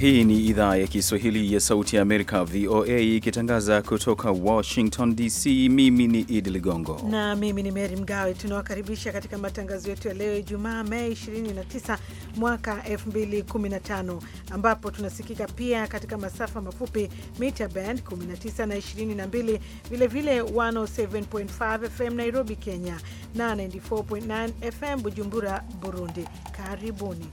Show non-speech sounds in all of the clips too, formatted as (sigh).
Hii ni idhaa ya Kiswahili ya Sauti ya Amerika, VOA, ikitangaza kutoka Washington DC. Mimi ni Idi Ligongo na mimi ni mery Mgawe. Tunawakaribisha katika matangazo yetu ya leo Ijumaa, Mei 29 mwaka 2015, ambapo tunasikika pia katika masafa mafupi mita band 19 na 22, vilevile 107.5 FM Nairobi, Kenya na 94.9 FM Bujumbura, Burundi. Karibuni.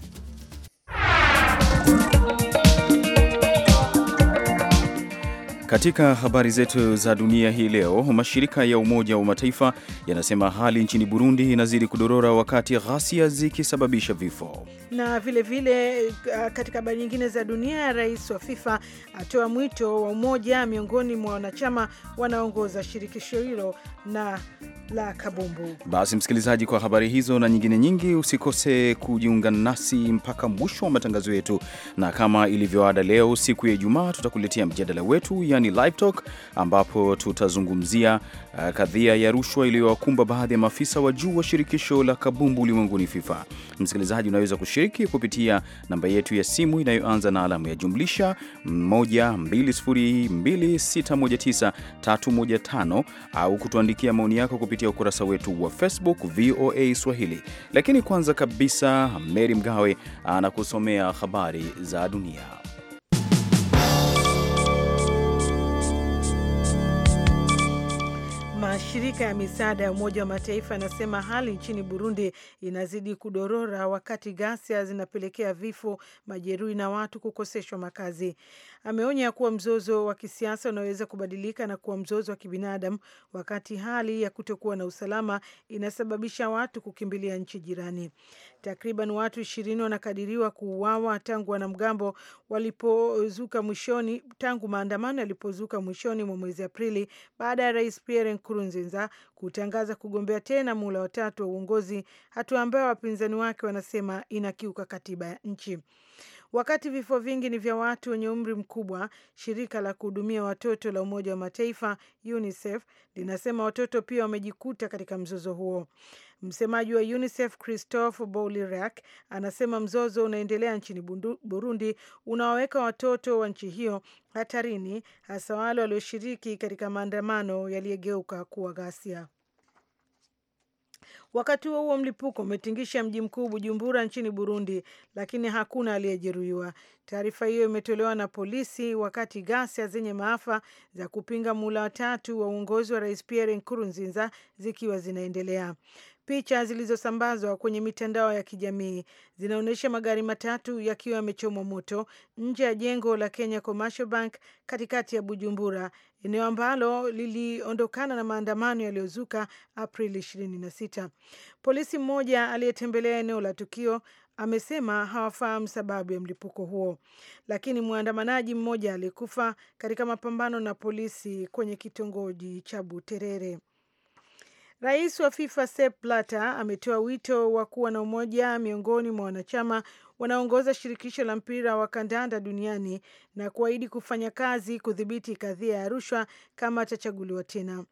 Katika habari zetu za dunia hii leo, mashirika ya Umoja wa Mataifa yanasema hali nchini Burundi inazidi kudorora wakati ghasia zikisababisha vifo. Na vilevile vile, eh, katika habari nyingine za dunia, rais wa FIFA atoa mwito wa umoja miongoni mwa wanachama wanaoongoza shirikisho hilo na la kabumbu. Basi msikilizaji, kwa habari hizo na nyingine nyingi, usikose kujiunga nasi mpaka mwisho wa matangazo yetu, na kama ilivyoada, leo siku ya Ijumaa tutakuletea mjadala wetu ya pia ni live talk, ambapo tutazungumzia uh, kadhia ya rushwa iliyowakumba baadhi ya maafisa wa juu wa shirikisho la kabumbu ulimwenguni FIFA. Msikilizaji, unaweza kushiriki kupitia namba yetu ya simu inayoanza na alama ya jumlisha 12026193115 au kutuandikia maoni yako kupitia ukurasa wetu wa Facebook VOA Swahili. Lakini kwanza kabisa, Meri Mgawe anakusomea habari za dunia. Mashirika ya misaada ya Umoja wa Mataifa yanasema hali nchini Burundi inazidi kudorora, wakati ghasia zinapelekea vifo, majeruhi na watu kukoseshwa makazi. Ameonya kuwa mzozo wa kisiasa unaweza kubadilika na kuwa mzozo wa kibinadamu wakati hali ya kutokuwa na usalama inasababisha watu kukimbilia nchi jirani. Takriban watu ishirini wanakadiriwa kuuawa tangu wanamgambo walipozuka mwishoni, tangu maandamano yalipozuka mwishoni mwa mwezi Aprili baada ya Rais Pierre Nkurunziza kutangaza kugombea tena muhula watatu wa uongozi, hatua ambayo wapinzani wake wanasema inakiuka katiba ya nchi. Wakati vifo vingi ni vya watu wenye umri mkubwa, shirika la kuhudumia watoto la Umoja wa Mataifa UNICEF linasema watoto pia wamejikuta katika mzozo huo. Msemaji wa UNICEF Christophe bolirak anasema mzozo unaendelea nchini Burundi unawaweka watoto wa nchi hiyo hatarini, hasa wale walioshiriki katika maandamano yaliyogeuka kuwa ghasia. Wakati huo huo, mlipuko umetingisha mji mkuu Bujumbura nchini Burundi, lakini hakuna aliyejeruhiwa. Taarifa hiyo imetolewa na polisi wakati ghasia zenye maafa za kupinga muhula watatu wa uongozi wa Rais Pierre Nkurunziza zikiwa zinaendelea. Picha zilizosambazwa kwenye mitandao ya kijamii zinaonyesha magari matatu yakiwa yamechomwa moto nje ya jengo la Kenya Commercial Bank katikati ya Bujumbura, eneo ambalo liliondokana na maandamano yaliyozuka Aprili 26. Polisi mmoja aliyetembelea eneo la tukio amesema hawafahamu sababu ya mlipuko huo, lakini mwandamanaji mmoja alikufa katika mapambano na polisi kwenye kitongoji cha Buterere. Rais wa FIFA Sepp Blatter ametoa wito wa kuwa na umoja miongoni mwa wanachama wanaongoza shirikisho la mpira wa kandanda duniani na kuahidi kufanya kazi kudhibiti kadhia ya rushwa kama atachaguliwa tena.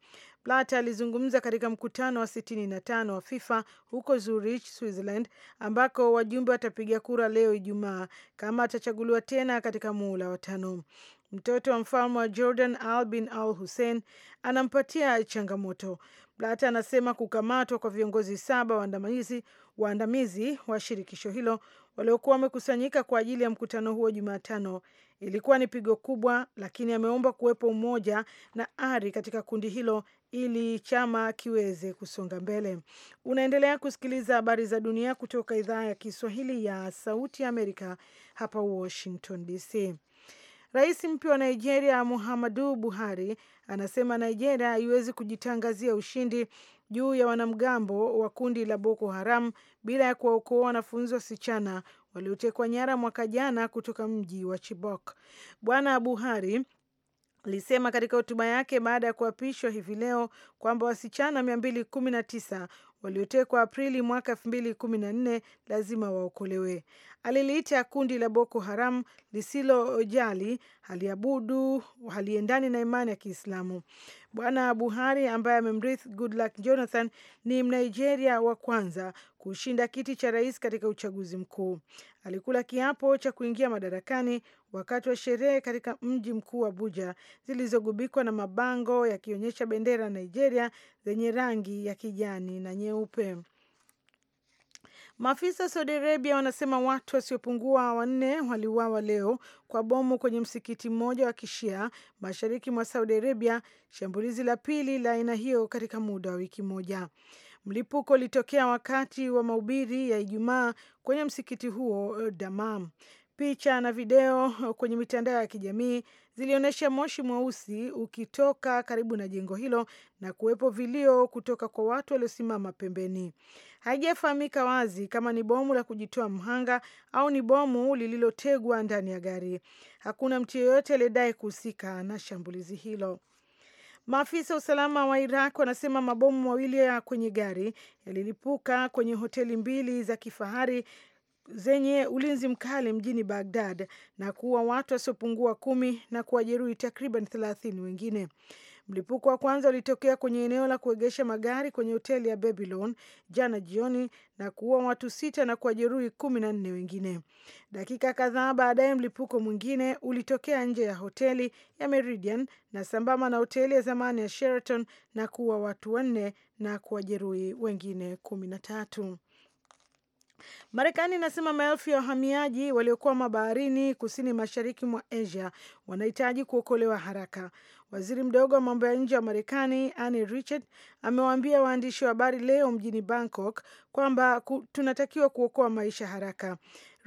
Blatter alizungumza katika mkutano wa 65 wa FIFA huko Zurich, Switzerland, ambako wajumbe watapiga kura leo Ijumaa kama atachaguliwa tena katika muhula wa tano. Mtoto wa mfalme wa Jordan Al bin Al Hussein anampatia changamoto. Blata anasema kukamatwa kwa viongozi saba waandamizi waandamizi wa shirikisho hilo waliokuwa wamekusanyika kwa ajili ya mkutano huo Jumatano ilikuwa ni pigo kubwa, lakini ameomba kuwepo umoja na ari katika kundi hilo ili chama kiweze kusonga mbele. Unaendelea kusikiliza habari za dunia kutoka idhaa ya Kiswahili ya Sauti ya Amerika hapa Washington DC. Rais mpya wa Nigeria Muhammadu Buhari anasema Nigeria haiwezi kujitangazia ushindi juu ya wanamgambo wa kundi la Boko Haram bila ya kuwaokoa wanafunzi wasichana waliotekwa nyara mwaka jana kutoka mji wa Chibok. Bwana Buhari alisema katika hotuba yake baada ya kuapishwa hivi leo kwamba wasichana 219 waliotekwa Aprili mwaka 2014 lazima waokolewe. Aliliita kundi la Boko Haram lisilojali haliabudu haliendani na imani ya Kiislamu. Bwana Buhari ambaye amemrithi Goodluck Jonathan ni Mnigeria wa kwanza kushinda kiti cha rais katika uchaguzi mkuu. Alikula kiapo cha kuingia madarakani wakati wa sherehe katika mji mkuu Abuja zilizogubikwa na mabango yakionyesha bendera ya Nigeria zenye rangi ya kijani na nyeupe. Maafisa wa Saudi Arabia wanasema watu wasiopungua wanne waliuawa leo kwa bomu kwenye msikiti mmoja wa kishia mashariki mwa Saudi Arabia, shambulizi la pili la aina hiyo katika muda wa wiki moja. Mlipuko ulitokea wakati wa mahubiri ya Ijumaa kwenye msikiti huo Damam. Picha na video kwenye mitandao ya kijamii zilionyesha moshi mweusi ukitoka karibu na jengo hilo na kuwepo vilio kutoka kwa watu waliosimama pembeni. Haijafahamika wazi kama ni bomu la kujitoa mhanga au ni bomu lililotegwa ndani ya gari. Hakuna mtu yeyote aliyedai kuhusika na shambulizi hilo. Maafisa wa usalama wa Iraq wanasema mabomu mawili ya kwenye gari yalilipuka kwenye hoteli mbili za kifahari zenye ulinzi mkali mjini bagdad na kuua watu wasiopungua kumi na kuwajeruhi takriban thelathini wengine. Mlipuko wa kwanza ulitokea kwenye eneo la kuegesha magari kwenye hoteli ya Babylon jana jioni na kuua watu sita na kuwajeruhi kumi na nne wengine. Dakika kadhaa baadaye, mlipuko mwingine ulitokea nje ya hoteli ya Meridian na sambamba na hoteli ya zamani ya Sheraton na kuua watu wanne na kuwajeruhi wengine kumi na tatu. Marekani inasema maelfu ya wahamiaji waliokwama baharini kusini mashariki mwa Asia wanahitaji kuokolewa haraka. Waziri mdogo wa mambo ya nje wa Marekani Anne Richard amewaambia waandishi wa habari leo mjini Bangkok kwamba tunatakiwa kuokoa maisha haraka.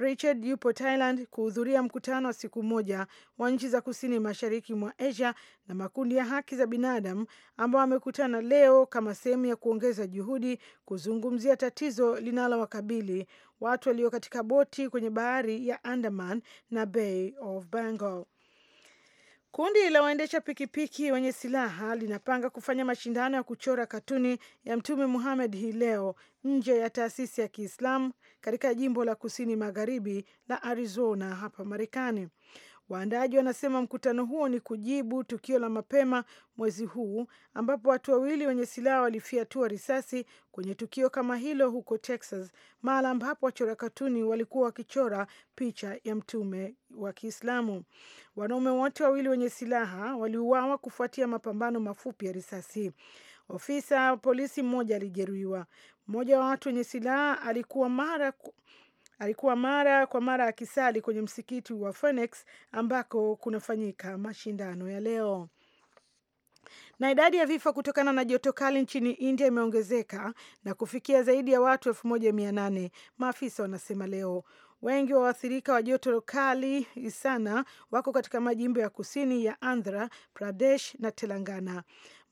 Richard yupo Thailand kuhudhuria mkutano wa siku moja wa nchi za kusini mashariki mwa Asia na makundi ya haki za binadamu ambao amekutana leo kama sehemu ya kuongeza juhudi kuzungumzia tatizo linalowakabili watu walio katika boti kwenye bahari ya Andaman na Bay of Bengal. Kundi la waendesha pikipiki wenye silaha linapanga kufanya mashindano ya kuchora katuni ya Mtume Muhammad hii leo nje ya taasisi ya Kiislamu katika jimbo la kusini magharibi la Arizona hapa Marekani. Waandaaji wanasema mkutano huo ni kujibu tukio la mapema mwezi huu ambapo watu wawili wenye silaha walifiatua risasi kwenye tukio kama hilo huko Texas, mahala ambapo wachora katuni walikuwa wakichora picha ya mtume wa Kiislamu. Wanaume wote wawili wenye silaha waliuawa kufuatia mapambano mafupi ya risasi. Ofisa polisi mmoja alijeruhiwa. Mmoja wa watu wenye silaha alikuwa mara alikuwa mara kwa mara akisali kwenye msikiti wa Phoenix ambako kunafanyika mashindano ya leo na idadi ya vifo kutokana na joto kali nchini India imeongezeka na kufikia zaidi ya watu elfu moja mia nane maafisa wanasema leo. Wengi wa waathirika wa joto kali sana wako katika majimbo ya kusini ya Andhra Pradesh na Telangana.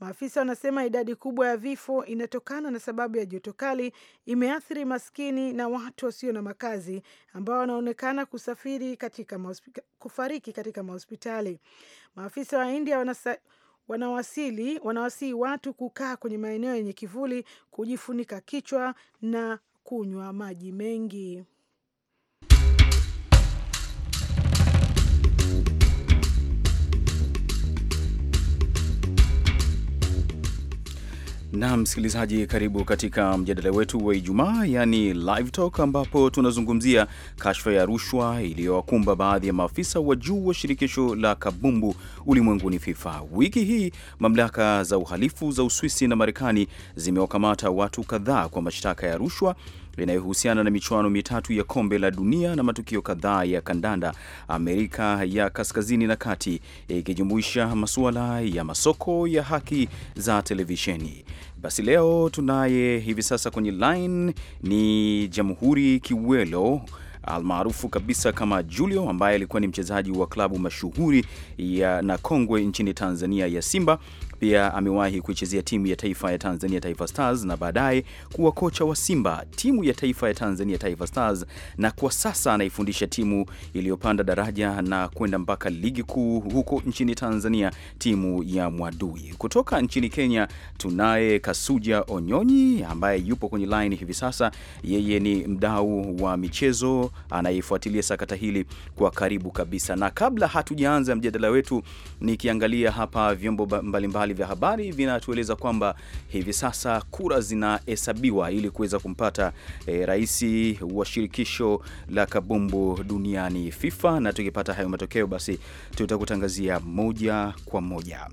Maafisa wanasema idadi kubwa ya vifo inatokana na sababu ya joto kali imeathiri maskini na watu wasio na makazi ambao wanaonekana kusafiri katika kufariki katika mahospitali. Maafisa wa India wanasa wanawasili wanawasii watu kukaa kwenye maeneo yenye kivuli, kujifunika kichwa na kunywa maji mengi. Na msikilizaji, karibu katika mjadala wetu wa Ijumaa, yani live talk, ambapo tunazungumzia kashfa ya rushwa iliyowakumba baadhi ya maafisa wa juu wa shirikisho la kabumbu ulimwenguni FIFA. Wiki hii mamlaka za uhalifu za Uswisi na Marekani zimewakamata watu kadhaa kwa mashtaka ya rushwa linayohusiana na michuano mitatu ya kombe la dunia na matukio kadhaa ya kandanda Amerika ya kaskazini na kati, ikijumuisha masuala ya masoko ya haki za televisheni. Basi leo tunaye hivi sasa kwenye line ni Jamhuri Kiwelo almaarufu kabisa kama Julio ambaye alikuwa ni mchezaji wa klabu mashuhuri ya na kongwe nchini Tanzania ya Simba pia amewahi kuichezea timu ya taifa ya Tanzania, Taifa Stars, na baadaye kuwa kocha wa Simba, timu ya taifa ya Tanzania, Taifa Stars, na kwa sasa anaifundisha timu iliyopanda daraja na kwenda mpaka ligi kuu huko nchini Tanzania, timu ya Mwadui. Kutoka nchini Kenya tunaye Kasuja Onyonyi ambaye yupo kwenye line hivi sasa. Yeye ni mdau wa michezo anayefuatilia sakata hili kwa karibu kabisa, na kabla hatujaanza mjadala wetu, nikiangalia hapa vyombo mbalimbali mbalimbali vya habari vinatueleza kwamba hivi sasa kura zinahesabiwa ili kuweza kumpata e, rais wa shirikisho la kabumbu duniani FIFA, na tukipata hayo matokeo basi tutakutangazia moja kwa moja.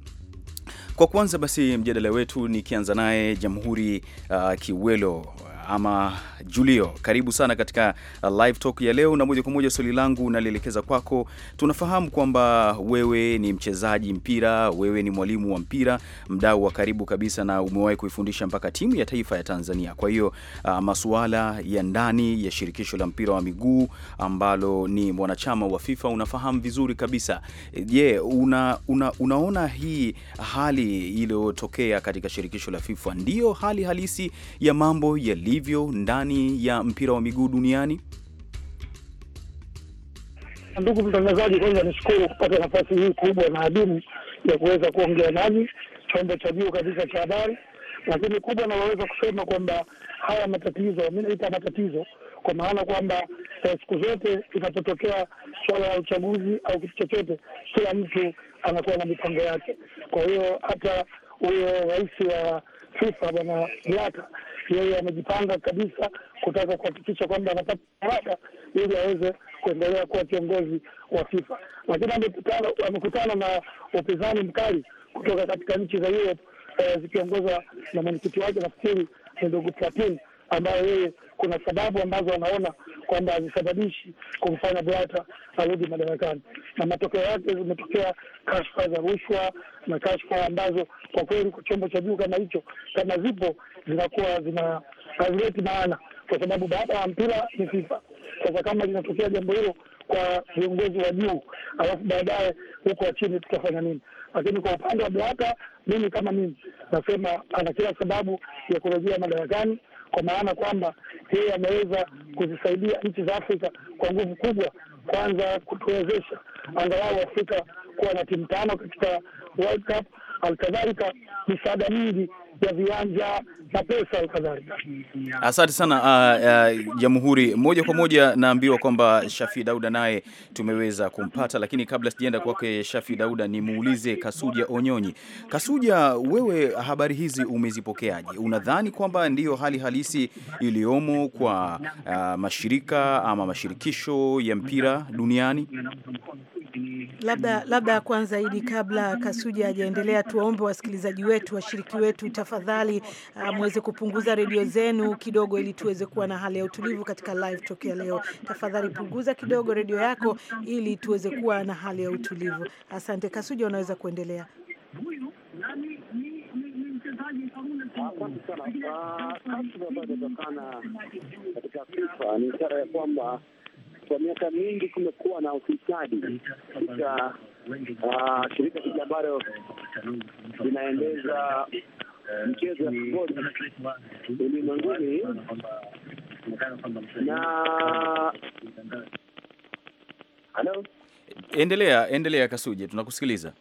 Kwa kwanza basi mjadala wetu nikianza naye Jamhuri uh, Kiwelo ama Julio, karibu sana katika uh, live talk ya leo, na moja kwa moja swali langu nalielekeza kwako. Tunafahamu kwamba wewe ni mchezaji mpira, wewe ni mwalimu wa mpira, mdau wa karibu kabisa, na umewahi kuifundisha mpaka timu ya taifa ya Tanzania. Kwa hiyo uh, masuala ya ndani ya shirikisho la mpira wa miguu ambalo ni mwanachama wa FIFA unafahamu vizuri kabisa. Je, una, una, unaona hii hali iliyotokea katika shirikisho la FIFA ndiyo hali halisi ya mambo ya hivyo ndani ya mpira wa miguu duniani? Ndugu mtangazaji, kwanza nishukuru kupata nafasi hii kubwa na adimu ya kuweza kuongea nani, chombo cha juu kabisa cha habari. Lakini kubwa naloweza kusema kwamba haya matatizo, mi naita matatizo kwa maana kwamba eh, siku zote inapotokea suala la uchaguzi au kitu chochote, kila mtu anakuwa na mipango yake. Kwa hiyo hata huyo rais wa FIFA bwana Blatter yeye amejipanga kabisa kutaka kuhakikisha kwamba anapata baraka ili aweze kuendelea kuwa kiongozi wa FIFA, lakini amekutana na upinzani mkali kutoka katika nchi za Europe eh, zikiongozwa na mwenyekiti wake nafikiri ni ndugu Platini, ambayo yeye kuna sababu ambazo anaona kwamba hazisababishi kumfanya Blata arudi madarakani, na matokeo yake zimetokea kashfa za rushwa na kashfa ambazo kwa kweli kwa chombo cha juu kama hicho, kama zipo zinakuwa zina hazileti maana, kwa sababu baada ya mpira ni FIFA. Sasa kama linatokea jambo hilo kwa viongozi wa juu alafu baadaye huko wa chini tutafanya nini? Lakini kwa upande wa Blata, mimi kama mimi nasema ana kila sababu ya kurejea madarakani kwa maana kwamba yeye ameweza kuzisaidia nchi za Afrika kwa nguvu kubwa, kwanza kutuwezesha angalau Afrika kuwa na timu tano katika World Cup, misaada mingi ya viwanja na pesa kadhalika. Asante sana uh, uh, Jamhuri. Moja kwa moja naambiwa kwamba Shafi Dauda naye tumeweza kumpata, lakini kabla sijaenda kwake Shafi Dauda nimuulize Kasuja Onyonyi. Kasuja, wewe habari hizi umezipokeaje? Unadhani kwamba ndiyo hali halisi iliyomo kwa uh, mashirika ama mashirikisho ya mpira duniani? Labda labda kwanza Idi, kabla Kasuja hajaendelea, tuwaombe wasikilizaji wetu, washiriki wetu, tafadhali uh, mweze kupunguza redio zenu kidogo, ili tuweze kuwa na hali ya utulivu katika live talk ya leo. Tafadhali punguza kidogo redio yako, ili tuweze kuwa na hali ya utulivu. Asante. Kasuja, unaweza kuendelea. Asante sana. Ah, katika ni ishara ya kwamba kwa miaka mingi kumekuwa na ufisadi katika uh, shirika hili ambalo linaendeza mchezo ya futboli ulimwenguni na halo, endelea endelea, Kasuje, tunakusikiliza.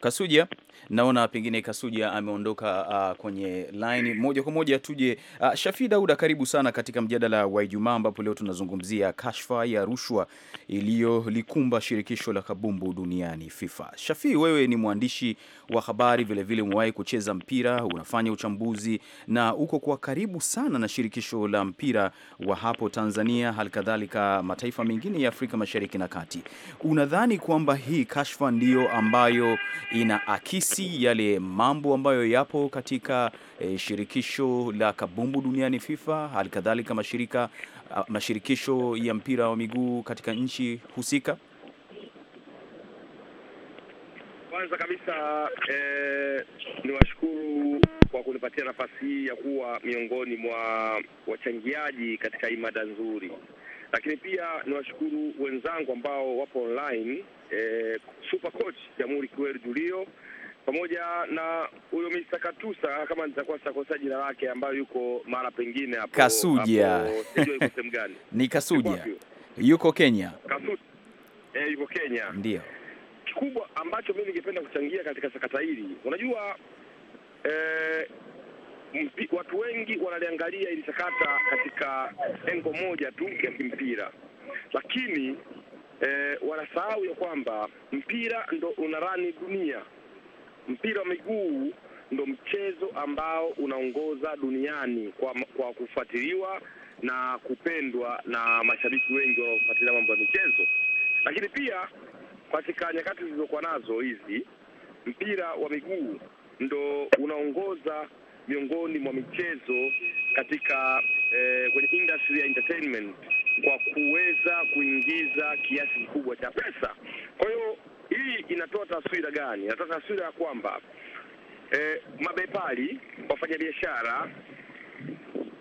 Kasuja naona pengine Kasuja ameondoka uh, kwenye line. Moja kwa moja tuje uh, Shafi Dauda, karibu sana katika mjadala wa Ijumaa ambapo leo tunazungumzia kashfa ya rushwa iliyolikumba shirikisho la kabumbu duniani FIFA. Shafi, wewe ni mwandishi wa habari vilevile, umewahi kucheza mpira, unafanya uchambuzi na uko kwa karibu sana na shirikisho la mpira wa hapo Tanzania, halikadhalika mataifa mengine ya Afrika Mashariki na Kati. Unadhani kwamba hii kashfa ndiyo ambayo ina akisi si yale mambo ambayo yapo katika e, shirikisho la kabumbu duniani FIFA, hali kadhalika mashirika a, mashirikisho ya mpira wa miguu katika nchi husika? Kwanza kabisa ni e, niwashukuru kwa kunipatia nafasi hii ya kuwa miongoni mwa wachangiaji katika imada nzuri, lakini pia niwashukuru wenzangu ambao wapo online eh, Super Coach Jamhuri Kiweru Julio pamoja na huyo Mr. Katusa kama nitakuwa sitakosa jina lake, ambayo yuko mara pengine hapo Kasuja, sijui sehemu gani. (laughs) Ni Kasuja yuko Kenya, Kasuja eh, yuko Kenya. Ndio kikubwa ambacho mimi ningependa kuchangia katika sakata hili. Unajua eh, mpi, watu wengi wanaliangalia ili sakata katika engo moja tu ya kimpira, lakini eh, wanasahau ya kwamba mpira ndo unarani dunia mpira wa miguu ndo mchezo ambao unaongoza duniani kwa, kwa kufuatiliwa na kupendwa na mashabiki wengi wanaofuatilia mambo ya michezo. Lakini pia katika nyakati zilizokuwa nazo hizi, mpira wa miguu ndo unaongoza miongoni mwa michezo katika eh, kwenye industry ya entertainment kwa kuweza kuingiza kiasi kikubwa cha pesa. Kwa hiyo hii inatoa taswira gani? Inatoa taswira ya kwamba eh, mabepari, wafanyabiashara,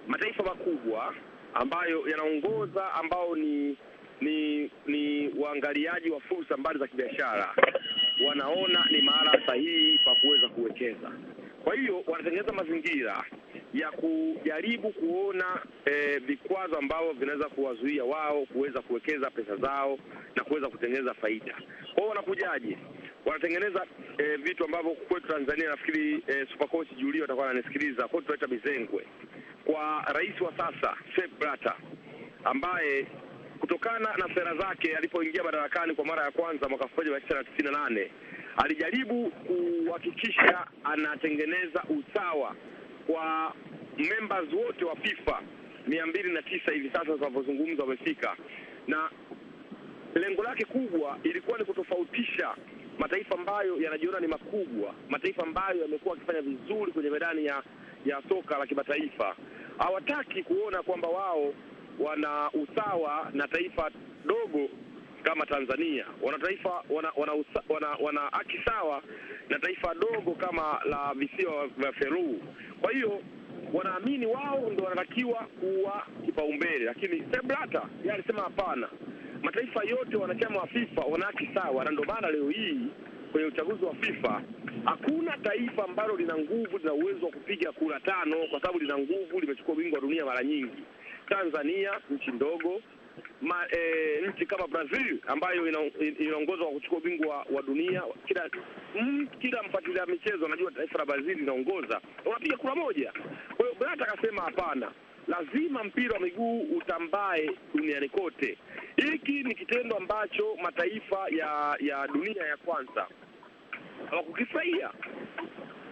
mataifa makubwa ambayo yanaongoza ambao ni ni ni waangaliaji wa fursa mbali za kibiashara wanaona ni mahala sahihi pa kuweza kuwekeza. Kwa hiyo wanatengeneza mazingira ya kujaribu kuona eh, vikwazo ambavyo vinaweza kuwazuia wao kuweza kuwekeza pesa zao na kuweza kutengeneza faida. Kwa hiyo wanakujaje? Wanatengeneza eh, vitu ambavyo kwetu Tanzania nafikiri eh, coach Julio atakuwa ananisikiliza, kwetu tunaita mizengwe, kwa rais wa sasa Sepp Blatter ambaye kutokana na sera zake alipoingia madarakani kwa mara ya kwanza mwaka elfu moja mia tisa na tisini na nane alijaribu kuhakikisha anatengeneza usawa kwa members wote wa FIFA mia mbili na tisa hivi sasa tunavyozungumza wamefika, na lengo lake kubwa ilikuwa ni kutofautisha mataifa ambayo yanajiona ni makubwa, mataifa ambayo yamekuwa akifanya vizuri kwenye medani ya ya soka la kimataifa. Hawataki kuona kwamba wao wana usawa na taifa dogo kama Tanzania wana taifa wana wana, wana, wana haki sawa na taifa dogo kama la visiwa vya Feru. Kwa hiyo wanaamini wao ndio wanatakiwa kuwa kipaumbele, lakini Seblata yeye alisema hapana, mataifa yote wanachama wa FIFA wana haki sawa, na ndio maana leo hii kwenye uchaguzi wa FIFA hakuna taifa ambalo lina nguvu, lina uwezo wa kupiga kura tano, kwa sababu lina nguvu, limechukua ubingwa wa dunia mara nyingi. Tanzania nchi ndogo ma, e, nchi kama Brazil ambayo inaongozwa kwa kuchukua ubingwa wa dunia. Kila mm, kila mfuatilia michezo anajua taifa la Brazil linaongoza, unapiga kura moja. Kwa hiyo Blatter akasema hapana, lazima mpira wa miguu utambae duniani kote. Hiki ni kitendo ambacho mataifa ya ya dunia ya kwanza hawakukifurahia.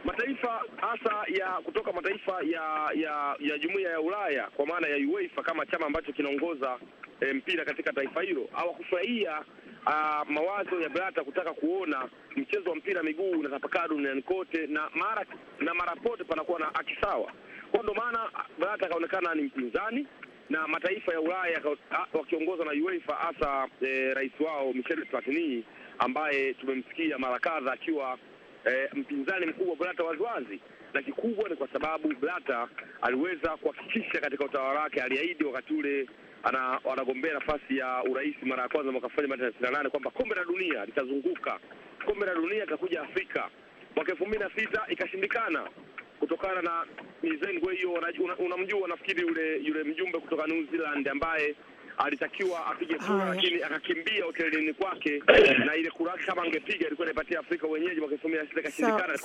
Mataifa hasa ya kutoka mataifa ya ya ya jumuiya ya Ulaya kwa maana ya UEFA kama chama ambacho kinaongoza e, mpira katika taifa hilo hawakufurahia ah, mawazo ya Blata kutaka kuona mchezo wa mpira miguu unatapakaa duniani kote na mara na mara pote panakuwa na akisawa Kwa ndo maana Blata akaonekana ni mpinzani na mataifa ya Ulaya ah, wakiongozwa na UEFA hasa e, rais wao Michel Platini ambaye tumemsikia mara kadha akiwa e, mpinzani mkubwa Blata waziwazi, na kikubwa ni kwa sababu Blata aliweza kuhakikisha katika utawala wake, aliahidi wakati ule anagombea nafasi ya urais mara ya kwanza mwaka elfu moja mia tisa na nane kwamba kombe la dunia litazunguka, kombe la dunia litakuja Afrika. Mwaka elfu mbili na sita ikashindikana kutokana na mizengwe hiyo. Unamjua, una nafikiri yule yule mjumbe kutoka New Zealand ambaye alitakiwa apige kura lakini akakimbia hotelini kwake, na ile kura yake kama angepiga alikuwa anapatia Afrika wenyeji mwaka elfu mbili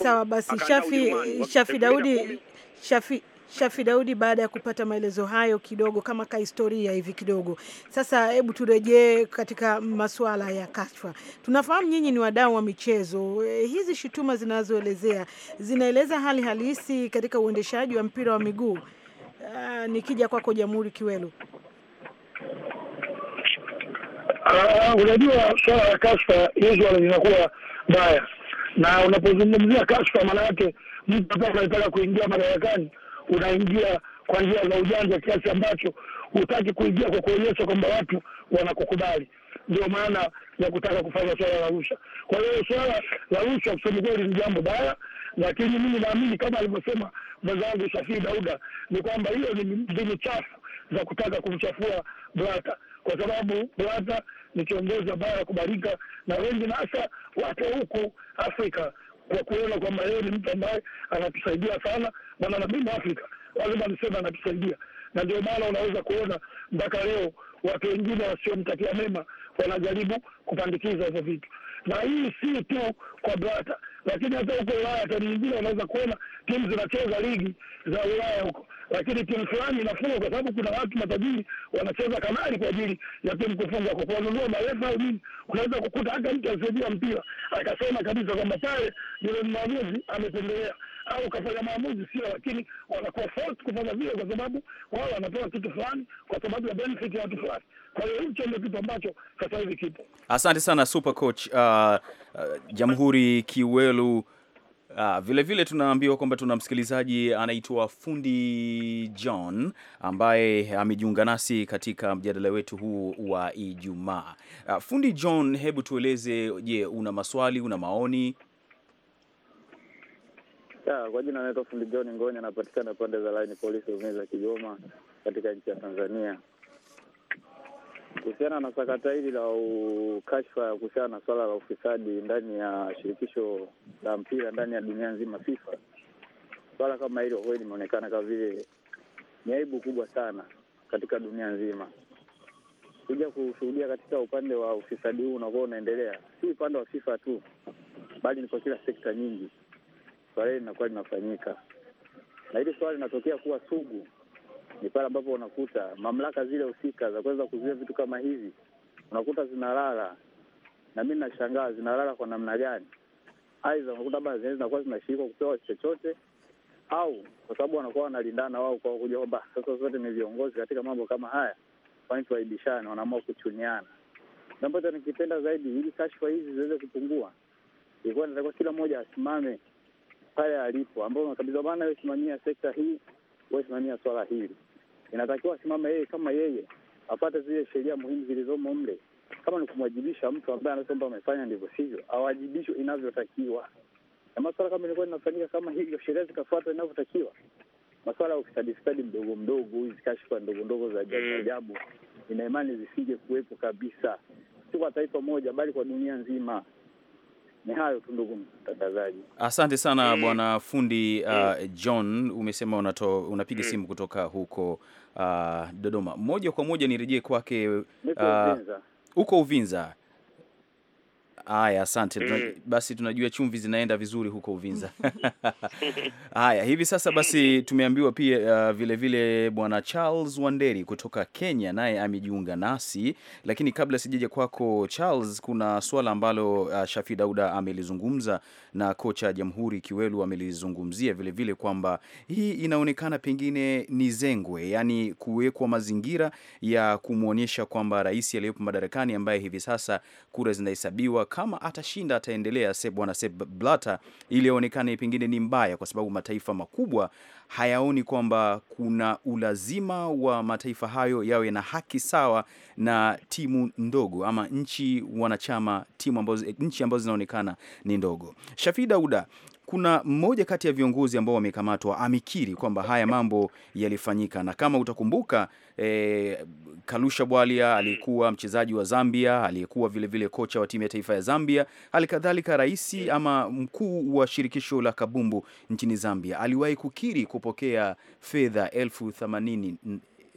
Sawa basi, Shafi Shafi Daudi Shafi Shafi Daudi, baada ya kupata maelezo hayo kidogo kama ka historia hivi kidogo, sasa hebu turejee katika masuala ya kashfa. Tunafahamu nyinyi ni wadau wa michezo, eh, hizi shutuma zinazoelezea zinaeleza hali halisi katika uendeshaji wa mpira wa miguu. Ah, nikija kwako Jamhuri Kiwelu, Ah, unajua swala la kashfa usually linakuwa mbaya, na unapozungumzia kashfa, maana yake mtu ambaye anataka kuingia madarakani unaingia kwa njia za ujanja kiasi ambacho hutaki kuingia kwa kuonyesha kwamba watu wanakukubali. Ndio maana ya kutaka kufanya swala la rusha Kwa hiyo swala la rusha kusema kweli ni jambo baya, lakini mimi naamini kama alivyosema mwenzangu Shafii Dauda ni kwamba hiyo ni mbinu chafu za kutaka kumchafua brata kwa sababu Blatter ni kiongozi ambaye anakubalika na wengi, na hasa watu huku Afrika kwa kuona kwamba yeye ni mtu ambaye anatusaidia sana, maana na mimi Afrika lazima niseme anatusaidia, na ndio maana unaweza kuona mpaka leo watu wengine wasiomtakia mema wanajaribu kupandikiza hivyo vitu, na hii si tu kwa Blatter lakini hata huko Ulaya tani nyingine unaweza kuona timu zinacheza ligi za Ulaya huko, lakini timu fulani inafungwa kwa sababu kuna watu matajiri wanacheza kamari kwa ajili ya timu kufunga kwa kuwanunua marefa au nini. Unaweza kukuta hata mtu asiyejua mpira akasema kabisa kwamba pale yule mwamuzi amependelea au kafanya maamuzi sio, lakini wanakuwa fort kufanya vile, kwa sababu wao wanatoa kitu fulani kwa sababu ya benefit ya watu fulani. Kwa hiyo hicho ndio kitu ambacho sasa hivi kipo. Asante sana super coach. Uh, uh, Jamhuri Kiwelu vilevile uh, vile vile tunaambiwa kwamba tuna msikilizaji anaitwa Fundi John ambaye amejiunga nasi katika mjadala wetu huu wa Ijumaa. Uh, Fundi John, hebu tueleze, je, una maswali, una maoni? Yeah, kwa jina anaitwa Fundi John Ngoni, anapatikana pande za laini polisi za Kigoma katika nchi ya Tanzania. Kuhusiana na sakata hili la ukashfa ya kuhusiana na swala la ufisadi ndani ya shirikisho la mpira ndani ya dunia nzima FIFA, swala kama hili kweli limeonekana kama vile ni aibu kubwa sana katika dunia nzima. Kuja kushuhudia katika upande wa ufisadi huu unakuwa unaendelea, si upande wa FIFA tu, bali ni kwa kila sekta nyingi, swala hili linakuwa linafanyika, na hili swala linatokea kuwa sugu ni pale ambapo unakuta mamlaka zile husika za kuweza kuzuia vitu kama hivi unakuta zinalala, na mi nashangaa zinalala kwa namna gani? Aidha unakuta baa zenyewe zinakuwa zinashirikwa kupewa chochote, au kwa sababu wanakuwa wanalindana wao kwa kuja kwamba sasa sote ni viongozi katika mambo kama haya, kwani tuwaibishane, wanaamua kuchuniana. Na ambacho nikipenda zaidi, ili kashfa hizi ziweze kupungua, ilikuwa natakiwa kila mmoja asimame pale alipo, ambao unakabidhiwa bana, wesimamia sekta hii, wesimamia simamia swala hili inatakiwa asimame yeye kama yeye, apate zile sheria muhimu zilizomo mle. Kama ni kumwajibisha mtu ambaye anasomba amefanya ndivyo sivyo, awajibishwe inavyotakiwa, na maswala kama ilikuwa inafanyika kama hivyo, sheria zikafuatwa inavyotakiwa. Maswala ya ufisadi fisadi mdogo mdogo, hizi kashfa ndogo ndogo za ajabu inaimani mm. ina imani kuwepo kabisa, si kwa taifa moja, bali kwa dunia nzima. Ni hayo tu ndugu mtangazaji. Asante sana mm. bwana fundi uh, mm. John, umesema unato, unapiga mm. simu kutoka huko uh, Dodoma. Moja kwa moja nirejee kwake, uh, uko Uvinza. Haya, asante mm. Basi tunajua chumvi zinaenda vizuri huko Uvinza. (laughs) (laughs) Haya, hivi sasa basi mm. tumeambiwa pia uh, vile vile bwana Charles Wanderi kutoka Kenya naye amejiunga nasi, lakini kabla sijaja kwako Charles, kuna swala ambalo uh, Shafi Dauda amelizungumza na kocha Jamhuri Kiwelu amelizungumzia vile vile kwamba hii inaonekana pengine ni zengwe, yani kuwekwa mazingira ya kumwonyesha kwamba rais aliyepo madarakani ambaye hivi sasa kura zinahesabiwa kama atashinda ataendelea bwana Sepp Blatter ili aonekane pengine ni mbaya, kwa sababu mataifa makubwa hayaoni kwamba kuna ulazima wa mataifa hayo yawe na haki sawa na timu ndogo ama nchi wanachama timu ambazo, nchi ambazo zinaonekana ni ndogo. Shafi Dauda, kuna mmoja kati ya viongozi ambao wamekamatwa amekiri kwamba haya mambo yalifanyika, na kama utakumbuka e, Kalusha Bwalia aliyekuwa mchezaji wa Zambia, aliyekuwa vilevile kocha wa timu ya taifa ya Zambia, hali kadhalika rais ama mkuu wa shirikisho la kabumbu nchini Zambia aliwahi kukiri kupokea fedha elfu themanini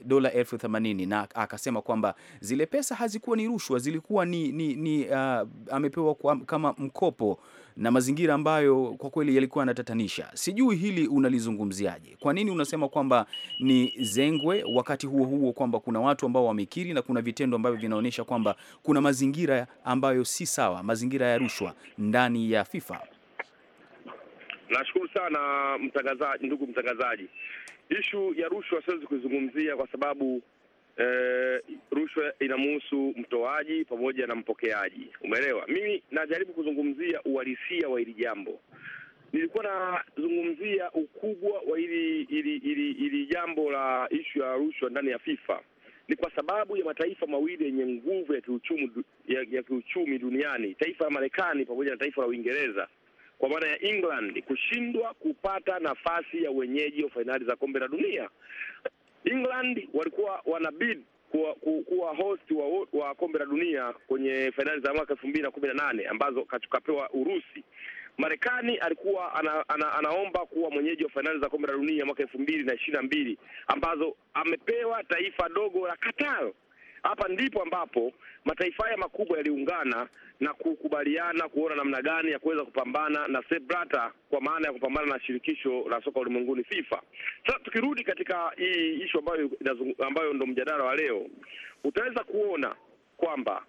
dola elfu themanini na akasema kwamba zile pesa hazikuwa ni rushwa, zilikuwa ni, ni, ni uh, amepewa kwa, kama mkopo na mazingira ambayo kwa kweli yalikuwa yanatatanisha. Sijui hili unalizungumziaje? Kwa nini unasema kwamba ni zengwe, wakati huo huo kwamba kuna watu ambao wamekiri na kuna vitendo ambavyo vinaonyesha kwamba kuna mazingira ambayo si sawa, mazingira ya rushwa ndani ya FIFA? Nashukuru sana mtangazaji, ndugu mtangazaji. Ishu ya rushwa siwezi kuizungumzia kwa sababu eh, rushwa inamuhusu mtoaji pamoja na mpokeaji, umeelewa? Mimi najaribu kuzungumzia uhalisia wa hili jambo. Nilikuwa nazungumzia ukubwa wa hili ili, ili, ili jambo la ishu ya rushwa ndani ya FIFA ni kwa sababu ya mataifa mawili yenye nguvu ya kiuchumi ya, ya kiuchumi duniani, taifa la Marekani pamoja na taifa la Uingereza kwa maana ya England kushindwa kupata nafasi ya wenyeji wa fainali za kombe la dunia. England walikuwa wanabid kuwa, kuwa host wa, wa kombe la dunia kwenye fainali za mwaka elfu mbili na kumi na nane ambazo kapewa Urusi. Marekani alikuwa ana, ana, anaomba kuwa mwenyeji wa fainali za kombe la dunia mwaka elfu mbili na ishirini na mbili ambazo amepewa taifa dogo la Qatar. Hapa ndipo ambapo mataifa haya makubwa yaliungana na kukubaliana kuona namna gani ya kuweza kupambana na Sebrata kwa maana ya kupambana na shirikisho la soka ulimwenguni FIFA. Sasa tukirudi katika hii ishu ambayo, ambayo ndo mjadala wa leo, utaweza kuona kwamba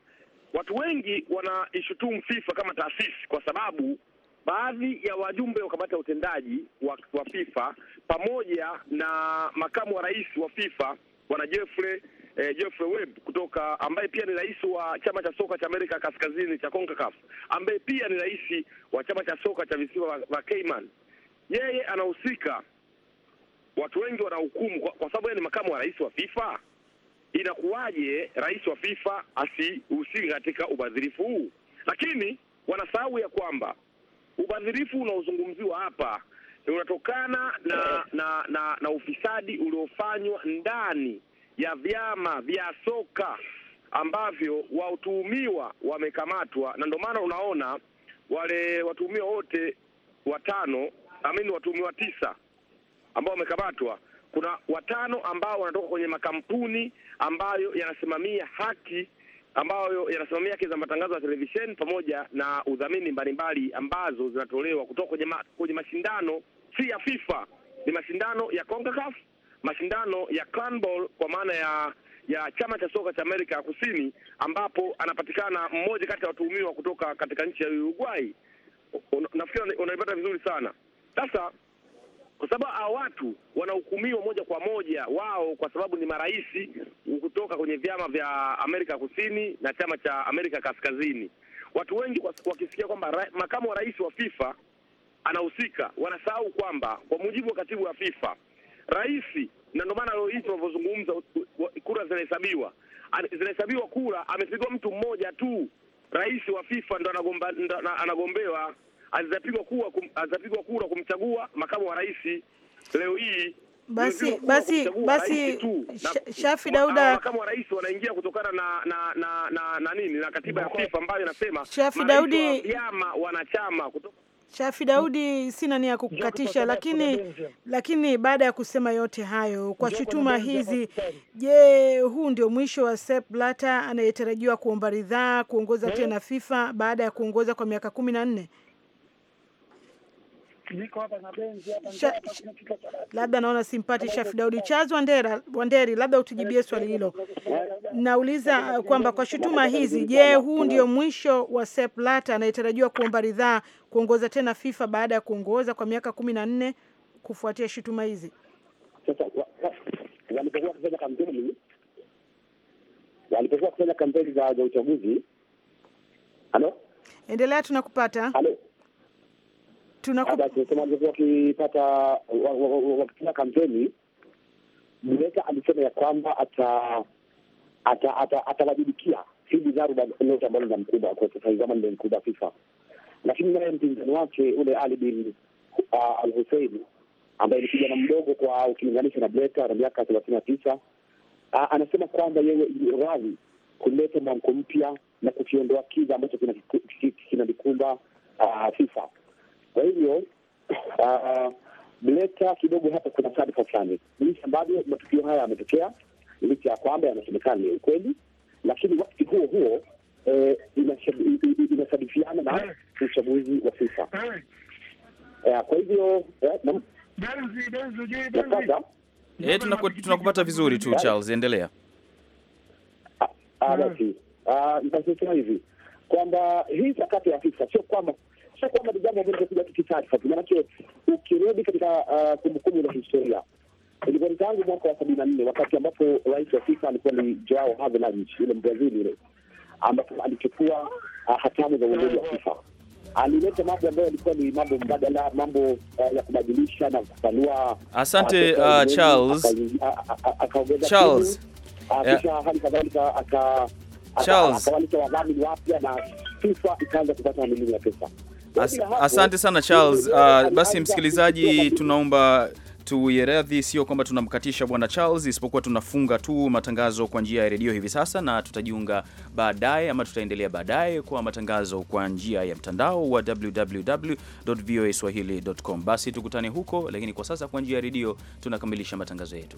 watu wengi wanaishutumu FIFA kama taasisi kwa sababu baadhi ya wajumbe wa kamati ya utendaji wa, wa FIFA pamoja na makamu wa rais wa FIFA Bwana Jeffrey eh, Jeffrey Webb kutoka ambaye pia ni rais wa chama cha soka cha Amerika Kaskazini cha CONCACAF, ambaye pia ni rais wa chama cha soka cha visiwa vya Cayman. Yeye anahusika, watu wengi wanahukumu kwa, kwa sababu yeye ni makamu wa rais wa FIFA. Inakuwaje rais wa FIFA asihusike katika ubadhirifu huu? Lakini wanasahau ya kwamba ubadhirifu unaozungumziwa hapa unatokana na, na, na, na ufisadi uliofanywa ndani ya vyama vya soka ambavyo watuhumiwa wamekamatwa, na ndio maana unaona wale watuhumiwa wote watano, amini, watuhumiwa tisa ambao wamekamatwa, kuna watano ambao wanatoka kwenye makampuni ambayo yanasimamia haki ambayo yanasimamia haki za matangazo ya televisheni pamoja na udhamini mbalimbali ambazo zinatolewa kutoka kwenye ma, kwenye mashindano si ya FIFA, ni mashindano ya CONCACAF mashindano ya CLANBAL kwa maana ya ya chama cha soka cha Amerika ya Kusini, ambapo anapatikana mmoja kati ya watuhumiwa kutoka katika nchi ya Uruguay. Nafikiri unaipata vizuri sana. Sasa kwa sababu hao watu wanahukumiwa moja kwa moja wao, kwa sababu ni marais kutoka kwenye vyama vya Amerika ya Kusini na chama cha Amerika Kaskazini, watu wengi wakisikia kwamba makamu wa rais wa FIFA anahusika, wanasahau kwamba kwa mujibu wa katibu wa FIFA rais na ndio maana leo hii tunavyozungumza, kura zinahesabiwa, zinahesabiwa kura, amepigwa mtu mmoja tu, rais wa FIFA ndo anagomba, ndo anagombewa, azapigwa kura, kum, kura kumchagua makamu wa rais. Leo hii basi basi basi Shafi Dauda, kama rais wanaingia kutokana na na na, na, na nini na katiba ya FIFA ambayo inasema Shafi Daudi vyama wanachama kutoka Shafi Daudi, sina nia ya kukukatisha, lakini lakini baada ya kusema yote hayo kwa shutuma hizi, je, huu ndio mwisho wa Sepp Blatter anayetarajiwa kuomba ridhaa kuongoza eh? tena FIFA baada ya kuongoza kwa miaka kumi na nne? niko hapa na benzi hapa labda naona simpati Shaf Daudi Chazo Wandera Wanderi, labda utujibie swali hilo. Nauliza kwamba kwa shutuma hizi, je, huu ndio mwisho wa Sepp Blatter anayetarajiwa kuomba ridhaa kuongoza tena FIFA baada ya kuongoza kwa miaka kumi na nne kufuatia shutuma hizi? Walipokuwa wakifanya kampeni walipokuwa wakifanya kampeni za uchaguzi. Halo, endelea, tunakupata. Halo wakipata wakifanya kampeni, Mleta alisema ya kwamba atawajibikia hii bidhaa note ambalo na mkubwa kwa sasa hivi ama mkubwa FIFA, lakini naye mpinzani wake ule Ali bin Al Husein ambaye ni kijana mdogo kwa ukilinganisha na Bleta na miaka thelathini na tisa anasema kwamba yeye radhi kuleta mwamko mpya na kukiondoa kiza ambacho kinalikumba FIFA. Kwa hivyo uh, mleta kidogo hapa, kuna taarifa fulani jinsi ambavyo matukio haya yametokea, licha ya kwamba yanasemekana ni ukweli, lakini wakati huo huo eh, inasadifiana na uchaguzi wa FIFA. Uh, kwa hivyo uh, tunakupata vizuri tu Charles, endelea. Ah, ah, basi nitasema hivi kwamba hii sakata ya FIFA sio kwamba sio kwamba ni jambo ambalo limekuja tukitaifa tu, manake ukirudi katika uh, kumbukumbu la historia ilikuwa ni tangu mwaka wa sabini na nne wakati ambapo rais wa FIFA alikuwa ni Joao Havelange yule Mbrazili yule, ambapo alichukua uh, hatamu za uongozi wa FIFA. Alileta mambo ambayo yalikuwa ni mambo mbadala, mambo uh, ya kubadilisha na kufanua. Asante Charles, Charles, hali kadhalika akawalika wadhamini wapya na FIFA ikaanza kupata mamilioni ya pesa. As, asante sana Charles. Uh, basi msikilizaji, tunaomba tuyeradhi, sio kwamba tunamkatisha bwana Charles, isipokuwa tunafunga tu matangazo kwa njia ya redio hivi sasa, na tutajiunga baadaye ama tutaendelea baadaye kwa matangazo kwa njia ya mtandao wa www.voaswahili.com. Basi tukutane huko, lakini kwa sasa kwa njia ya redio tunakamilisha matangazo yetu.